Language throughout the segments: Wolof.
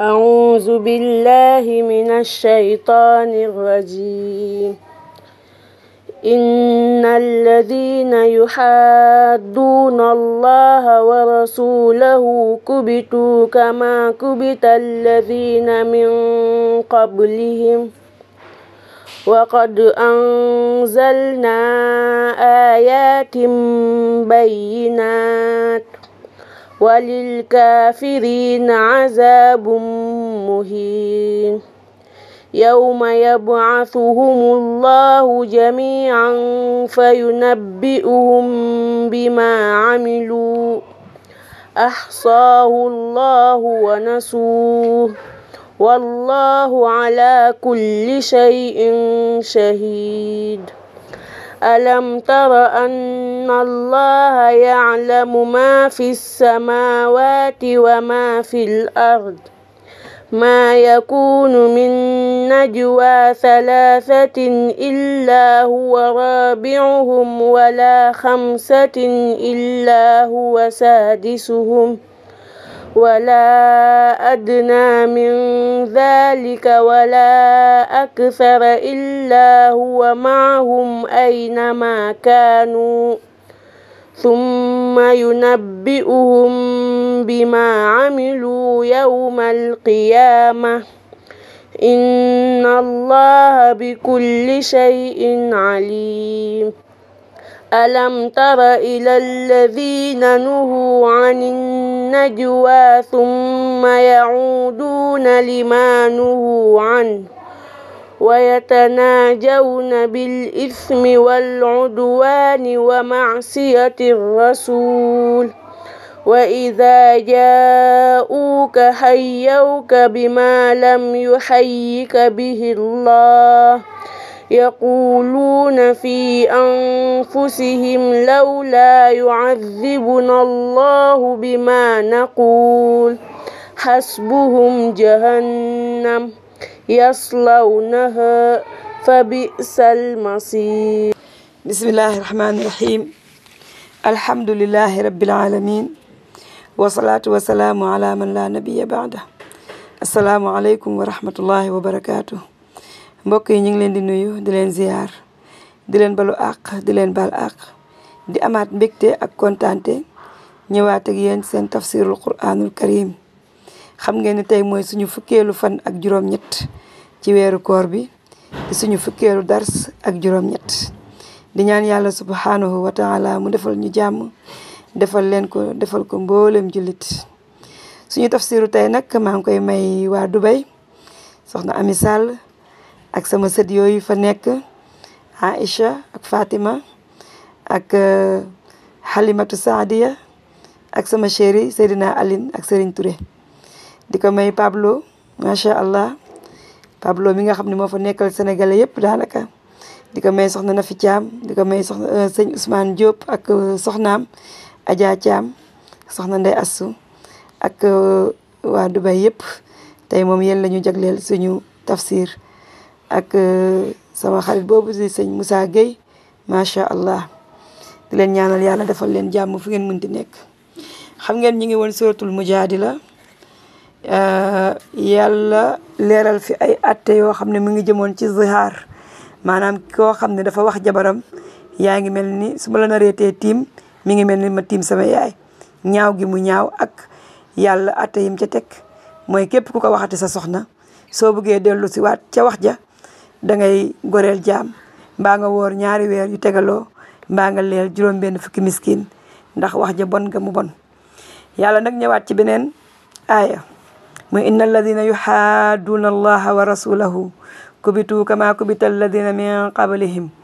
أعوذ بالله من الشيطان الرجيم إن الذين يحادون الله ورسوله كبتوا كما كبت الذين من قبلهم وقد أنزلنا آيات بينات وللكافرين عذاب مهين يوم يبعثهم الله جميعا فينبئهم بما عملوا احصاه الله ونسوه والله على كل شيء شهيد الم تر ان أن الله يعلم ما في السماوات وما في الأرض ما يكون من نجوى ثلاثة إلا هو رابعهم ولا خمسة إلا هو سادسهم ولا أدنى من ذلك ولا أكثر إلا هو معهم أينما كانوا ثم ينبئهم بما عملوا يوم القيامة إن الله بكل شيء عليم ألم تر إلى الذين نهوا عن النجوى ثم يعودون لما نهوا عنه ويتناجون بالإثم والعدوان ومعصية الرسول وإذا جاءوك حيوك بما لم يحيك به الله يقولون في أنفسهم لولا يعذبنا الله بما نقول حسبهم جهنم yaslawnaha fa bi'sal masir bismillahi rahmani rahim alhamdulillahi rabbil alamin wasalaatu wasalaamu ala man laa nabiya baada asalaamu aleykum wa rahmatullahi wa barakaatu mbokk yi ñu ngi leen di nuyu di leen ziyaar di leen balu àq di leen bal àq di amaat mbégte ak kontante ñëwaat ak yéen seen tafsirul quraanul karim xam ngeen ni tey mooy suñu fukkeelu fan ak juróom-ñett ci weeru koor bi suñu fukkeelu dars ak juróom-ñett di ñaan yàlla subhaanahu wa taala mu defal ñu jàmm defal leen ko defal ko mboolem jullit suñu tafsiru tey nag maa ngi koy may waa Dubai soxna Ami Sall ak sama sët yooyu fa nekk Aïcha ak Fatima ak euh, Halimatu Saadiya ak sama chéri Seydina Aline ak Serigne Touré di may Pablo macha allah Pablo mi nga xamni mo fa nekkal sénégalais yépp danaka di may soxna na fi di diko may soxna eh, seigne Ousmane Diop ak eh, soxnam Adja Thiam soxna Ndey Assu ak eh, wa Dubai yépp tay mom yeen la jaglél suñu tafsir ak sama xarit bobu di seigne Moussa Gueye allah di len ñaanal yalla defal len jamm fu ngeen di nekk xam ngeen ñi ngi won suratul mujadila yàlla leeral fi ay atte yoo xam ne mu ngi jëmoon ci zihaar maanaam koo xam ne dafa wax jabaram yaa ngi mel ni su ma la naree tee tiim mi ngi mel ni ma tiim sama yaay ñaaw gi mu ñaaw ak yàlla atte yim ca teg mooy képp ku ko waxati sa soxna soo buggee dellu si waat ca wax ja dangay ngay goreel jaam mbaa nga woor ñaari weer yu tegaloo mbaa nga leel juróom benn fukki miskin ndax wax ja bon nga mu bon yàlla nag ñëwaat ci beneen aaya mooy inna alladina yuxaaduuna allaha wa rasulahu kubitu kama kubita alladina min qablihim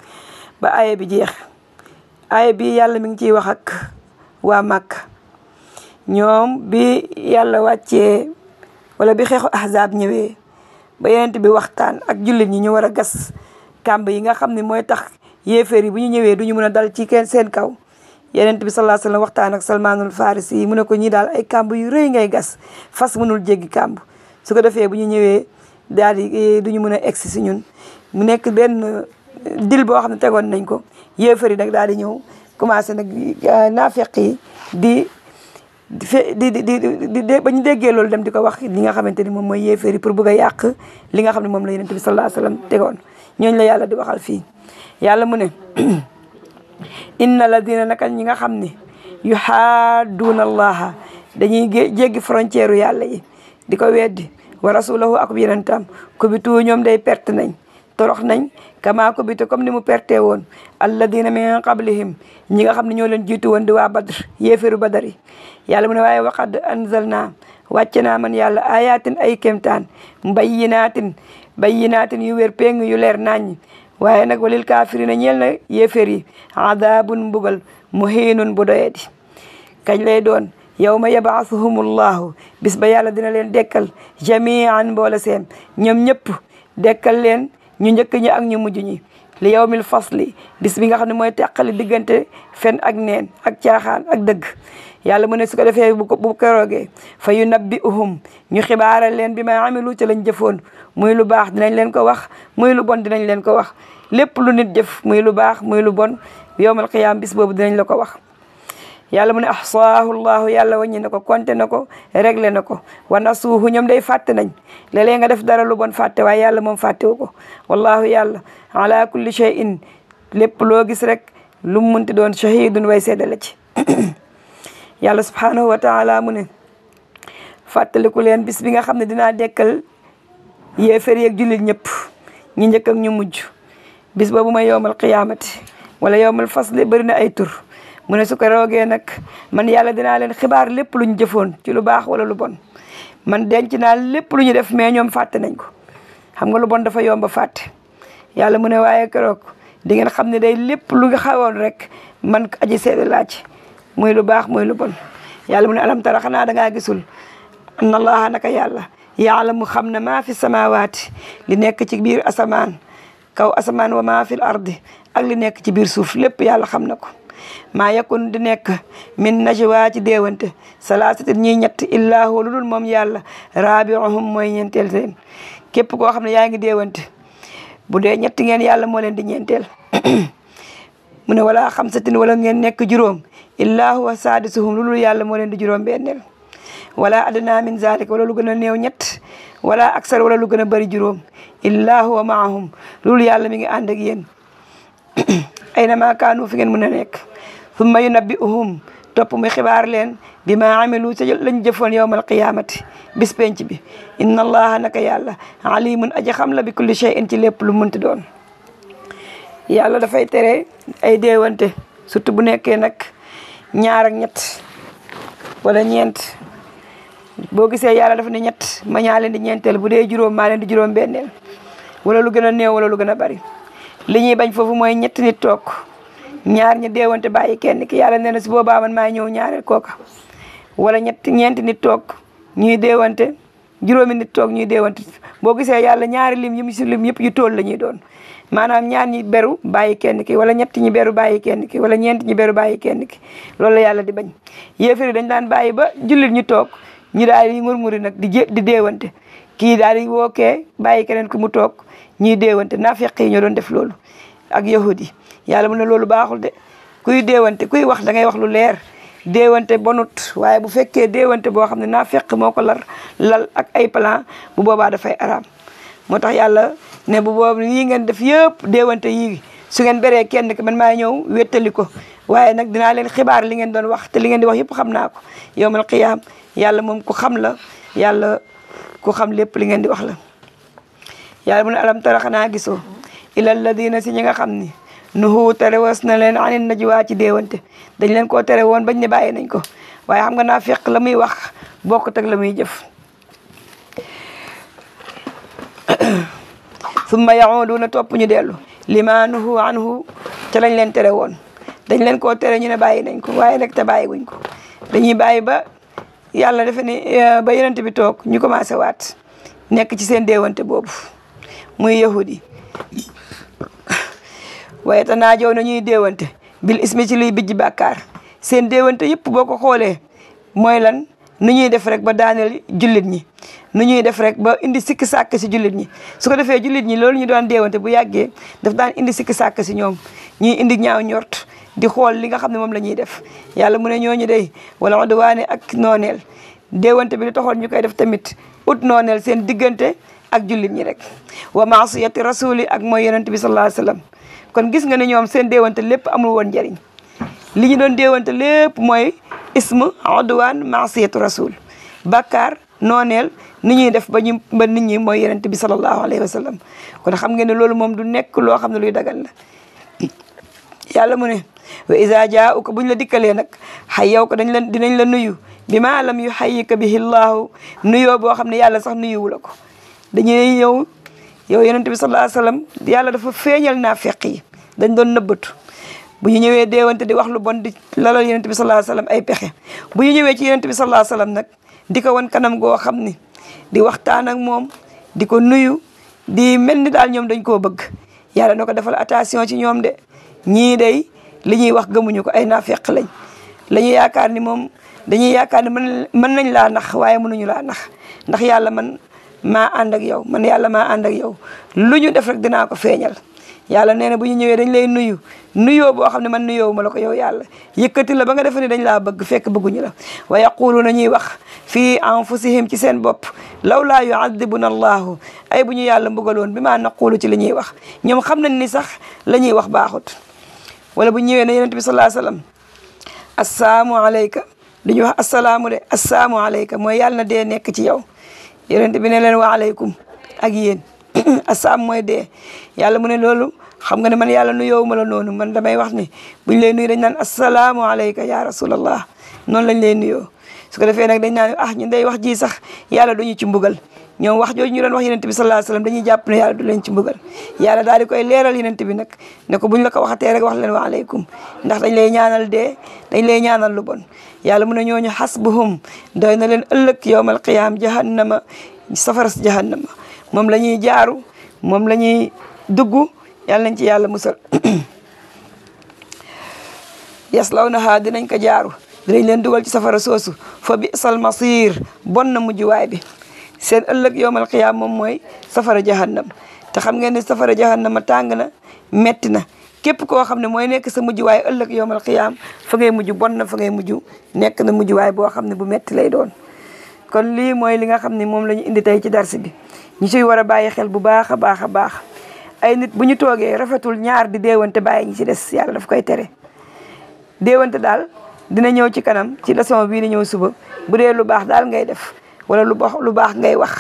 ba aaya bi jeex aaya bi yàlla mi ngi ciy wax ak waa màkk ñoom bi yàlla wàccee walla bi xeexu ahzaab ñëwee ba yenent bi waxtaan ak jullit ñi ñu war a gas kàmb yi nga xam ne mooy tax yéeféer yi bu ñu ñëwee duñu mën a dal ci kenn seen kaw yonent bi sallallahu alayhi wa sallam waxtaan ak salmaanul farisi yi ne ko ñi daal ay kàmb yu rëy ngay gas fas mënul jéggi kàmb su ko defee bu ñu ñëwee daal di eh, duñu mën a egsi si ñun mu nekk benn eh, dil boo xam ne tegoon nañ ko yéefar yi nag daal di ñëw commencé nag eh, naafeq yi di fe di di di ba ñu déggee loolu dem di ko wax li nga xamante ni moom mooy yéefar yi pour bëgg a yàq moom la yonent bi sallallahu alayhi wa sallam tegoon la yàlla di waxal fii yàlla mu ne inna ladina naka ñi nga xam ni yu xaaduuna allaha dañuy jéggi frontière yàlla yi di ko weddi wa rasulahu ak ñoom day perte nañ torox nañ kamaa ku comme ni mu perte woon alladina min qablihim ñi nga xam ne ñoo leen jiitu woon di waa badar yéeféru badar yi yàlla mu ne waaye waqad anzalnaa wàcce naa man yàlla ayatin ay kéemtaan bayyinaatin bayyinaatin yu wér péng yu leer nañ waaye nag walil kaafirina ñeel na yéefér yi adaabun mbugal muhiinun bu doyadi kañ lay doon yawma yabaasuhumullahu bis ba yàlla dina leen dekkal jamian mboole seen ñoom ñëpp dekkal leen ñu njëkk ñi ak ñu mujj ñi li yawmil fasli bis bi nga xam ne mooy teqali diggante fen ak neen ak caaxaan ak dëgg yàlla mu ne su ko defee bu bu keroogee fa yu nabbi'uhum ñu xibaaral leen bi ma amilu ci lañ jëfoon muy lu baax dinañ leen ko wax muy lu bon dinañ leen ko wax lépp lu nit jëf muy lu baax muy lu bon yowmal qiyaam bis boobu dinañ la ko wax yàlla mu ne ahsaahu llaahu yàlla waññi ne ko konte ne ko réglé na ko wa nasuuhu ñoom day fàtte nañ léeg-léeg nga def dara lu bon fàtte waaye yàlla moom fàttewu ko wallaahu yàlla ala kulli shay'in lépp loo gis rek lu mu munti doon shahidun way seede ci yàlla subhaanahu wa taala mu ne fàttaliku leen bis bi nga xam ne dinaa dekkal yéefar yeeg jullit ñëpp ñu njëkk ak ñu mujj bis boobu ma yowmal qiyaamati wala yowmal fasli bëri na ay tur mu ne su ko nag man yàlla dinaa leen xibaar lépp lu ñu jëfoon ci lu baax wala lu bon man denc naa lépp lu ñu def mais ñoom fàtte nañ ko xam nga lu bon dafa yomba fàtte yàlla mu ne waaye keroog di ngeen xam ne day lépp lu nga xawoon rek man aji seede laa ci muy lu baax muy lu bon yàlla mu ne alam tara xanaa dangaa gisul na allaha naka yàlla mu xam na maa fi samawaati li nekk ci biir asamaan kaw asamaan wa maa fil ardi ak li nekk ci biir suuf lépp yàlla xam na ko maa yakun di nekk min najwa ci déewante salaasatin ñi ñett illaa huwa lu dul moom yàlla raabiuhum mooy ñeenteel seen képp koo xam ne yaa ngi déewante bu dee ñetti ngeen yàlla moo leen di ñeenteel mu ne wala xamsatin wala ngeen nekk juróom illaa huwa saadisuhum lu dul yàlla moo leen di juróom benneel wala adna min zalik wala lu gën a néew ñett wala aksar wala lu gën a bëri juróom illaa huwa maahum lu dul yàlla mi ngi ànd ak yéen aynama kaanu fi ngeen mën a nekk summa yunabbi'uhum topp mu xibaar leen bi ma amilu ca lañ jëfoon yowmal qiyaamati bis bi inna allaha naka yàlla alimun aji xam la bi kulli shay'in ci lépp lu ti doon yàlla dafay tere ay deewante surtout bu nekkee nag ñaar ñett wala ñeent boo gisee yàlla dafa ne ñett ma ñaa leen di ñeenteel bu dee juróom maa leen di juróom benneel wala lu gën a néew wala lu gën a bari li ñuy bañ foofu mooy ñett nit toog ñaar ñi deewante bàyyi kenn ki yàlla nee na si boobaa man maa ñëw ñaareel kooka wala ñett ñeenti nit toog ñuy deewante juróomi nit toog ñuy deewante boo gisee yàlla ñaar lim yi si lim yëpp yu tool la ñuy doon maanaam ñaan ñi beru bàyyi kenn ki wala ñetti ñi beru bàyyi kenn ki wala ñeent ñi beru bàyyi kenn ki loolu la yàlla di bañ yéefar yi dañ daan bàyyi ba jullit ñu toog ñu daal di murmuri nag di jé di déewante kii daal di wookee bàyyi keneen ku mu toog ñuy déewante naafiq yi ñoo doon def loolu ak yahud yi yàlla mu ne loolu baaxul de kuy deewante kuy wax da ngay wax lu leer déewante bonut waaye bu fekkee déewante boo xam ne naa feq moo ko lar lal ak ay plan bu boobaa dafay araam moo tax yàlla ne bu boobu yii ngeen def yëpp deewante yii sungeen ngeen beree kenn ki man maa ñëw wéttali ko waaye nag dinaa leen xibaar li ngeen doon wax te li ngeen di wax yëpp xam naa ko yowmal qiyaam yàlla moom ku xam la yàlla ku xam lépp li ngeen di wax la yàlla mu ne alam tara xanaa gisoo ila alladina si ñi nga xam ni nuhu tere was na leen anin najwa ci deewante dañ leen ko tere woon bañ ne bàyyi nañ ko waaye xam nga naa fekk la muy wax bokkut ak la muy jëf summa na topp ñu dellu lima nuhu anhu ca lañ leen tere woon dañ leen ko tere ñu ne bàyyi nañ ko waaye nag te bàyyi wuñ ko dañuy bàyyi ba yàlla defe ni eh, ba yonent bi toog ñu commencé waat nekk ci seen deewante boobu muy yahudi waaye te naajoo na ñuy déewante bil ismi ci luy bijji bàkkaar seen déewante yëpp boo ko xoolee mooy lan nu ñuy def rek ba daaneel jullit ñi nu ñuy def rek ba indi sikki sàkk si jullit ñi su ko defee jullit ñi loolu ñu daan deewante bu yàggee daf daan indi sikki sàkk si ñoom ñuy indi ñaaw ñort di xool li nga xam ne moom la ñuy def yàlla mu ne ñooñu day wala odwaane ak nooneel deewante bi li taxoon ñu koy def tamit ut nooneel seen diggante ak jullit ñi rek wa maasiyati rasuli ak mooy yonent bi sallallahu alayhi wasallam kon gis nga ne ñoom seen deewante lépp amul woon njariñ li ñu doon deewante lépp mooy ismu odwaan maasiyatu rasul bakkaar ni ñuy def ba ñu nit ñi mooy yonent bi sallallahu alayhi wa sallam kon xam ngeen ne loolu moom du nekk loo xam ne luy dagal la yàlla mu ne wa iza bu buñ la dikkalee nag xayyaw ko dañ la dinañ la nuyu bi maa lam yuhayyika bihi llaahu nuyoo boo xam ne yàlla sax nuyuwu la ko dañuy ñëw yow yonent bi sallallahu alayhi wa yàlla dafa feeñal naa feq yi dañ doon nëbbatu bu ñu ñëwee deewante di wax lu bon di lalal yonent bi sallallahu alayhi wa ay pexe bu ñu ñëwee ci yonent bi sallallahu alayhi nag di ko wan kanam goo xam ni di waxtaan ak moom di ko nuyu di mel ni daal ñoom dañ koo bëgg yàlla na ko defal attention ci ñoom de ñii day li ñuy wax gëmuñu ko ay naafeq lañ la ñu yaakaar ni moom dañuy yaakaar ni mën mën nañ laa nax waaye mënuñu la nax ndax yàlla man ma ànd ak yow man yàlla maa ànd ak yow lu ñu def rek dinaa ko feeñal yàlla neena bu ñu ñëwé dañ lay nuyu nuyo bo xamne man nuyo ma lako yow yàlla yëkëti la ba nga defe ne dañ la bëgg fekk bëgguñu la wa yaquluuna ñuy wax fi anfusihim ci seen bop law laa yuadibuna allahu ay bu ñu yàlla mbugal won bima naqulu ci li ñi wax ñom xam nañ ni sax la ñuy wax baaxut wala bu ñëwé na yenenbi sallallahu alayhi wasallam assalamu alayka duñu wax assalamu le assalamu alayka moy yàlla na de nekk ci yow yenenbi ne len wa alaykum ak yéen assaam moy de yàlla mu ne lolou xam nga ne man yàlla nuyoo ma la noonu man damay wax ni buñ lay nuyu dañ naan asalaamu aleyka ya rasulallah noonu lañ lay nuyoo su ko defee nag dañ naan ah ñun day wax ji sax yàlla duñu ci mbugal ñoom wax jooju ñu doon wax yonent bi sallallahu alayhi wasallam dañuy jàpp ne yàlla du leen yàlla daal di koy leeral yonent bi nag ne ko buñ la ko waxatee rek wax leen wa aleykum ndax dañ lay ñaanal dee dañ lay ñaanal lu bon yàlla mu ne ñooñu xasbuhum doy na leen ëllëg yawmal qiyaam jahannama safaras jahannama moom la ñuy jaaru moom la ñuy dugg yàlla nañ ci yàlla musal yaslawnaha dinañ ko jaaru dañ leen dugal ci safara soosu fa bi'sal masir bon na mujjuwaay bi seen ëllëg yowmal qiyaam moom mooy safara jahannam te xam ngeen ne safara jahannama tàng na metti na képp koo xam ne mooy nekk sa mujjuwaay ëllëg yowmal qiyaam fa ngay mujj bon na fa ngay mujj nekk na mujjuwaay boo xam ne bu metti lay doon kon lii mooy li nga xam ne moom lañu indi tey ci darsi bi ñu ciy war a bàyyi xel bu baax a baax a baax ay nit bu ñu toogee rafetul ñaar di déewante bàyyi ñi ci des yàlla daf koy tere déewante daal dina ñëw ci kanam ci leçon bii di ñëw suba bu dee lu baax daal ngay def wala lu baax lu baax ngay wax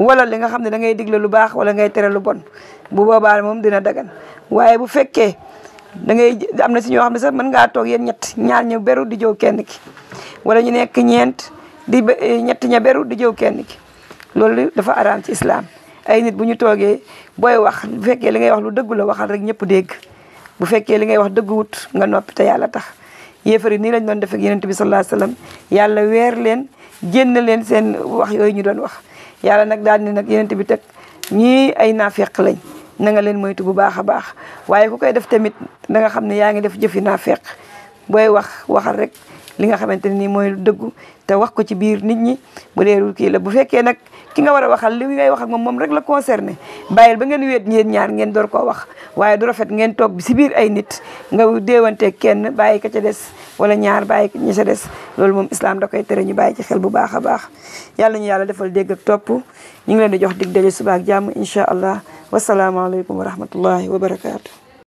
wala li nga xam ne da ngay digle lu baax wala ngay tere lu bon bu boobaa moom dina dagan waaye bu fekkee da ngay am na si ñoo xam ne sax mën ngaa toog yéen ñett ñaar ñu beru di jëw kenn ki wala ñu nekk ñeent di ñett ña beru di jëw kenn ki loolu dafa araam ci islaam ay nit bu ñu toogee booy wax bu fekkee li ngay wax lu dëgg la waxal rek ñëpp dégg bu fekkee li ngay wax dëgguwut nga noppi te yàlla tax yéefar yi nii lañ doon def ak yonent bi sallallahu alayhi wasallam yàlla weer leen génn leen seen wax yooyu ñu doon wax yàlla nag daal ni nag yonent bi teg ñii ay naafeq lañ na nga leen moytu bu baax a baax waaye ku koy def tamit da nga xam ne yaa ngi def jëfi naafeq booy wax waxal rek li nga xamante ne nii mooy dëggu te wax ko ci biir nit ñi bu deerul kii la bu fekkee nag ki nga war a waxal li ngay wax ak moom moom rek la concerné bàyyil ba ngeen wéet ñeen ñaar ngeen door koo wax waaye du rafet ngeen toog si biir ay nit nga déewante kenn bàyyi ka ca des wala ñaar bàyyi ñi ca des loolu moom islam da koy tere ñu bàyyi ci xel bu baax a baax yàlla ñu yàlla defal dégg ak topp ñu ngi leen di jox dig daje suba ak jàmm incha allah wasalaamaaleykum wa rahmatullahi wa barakaatu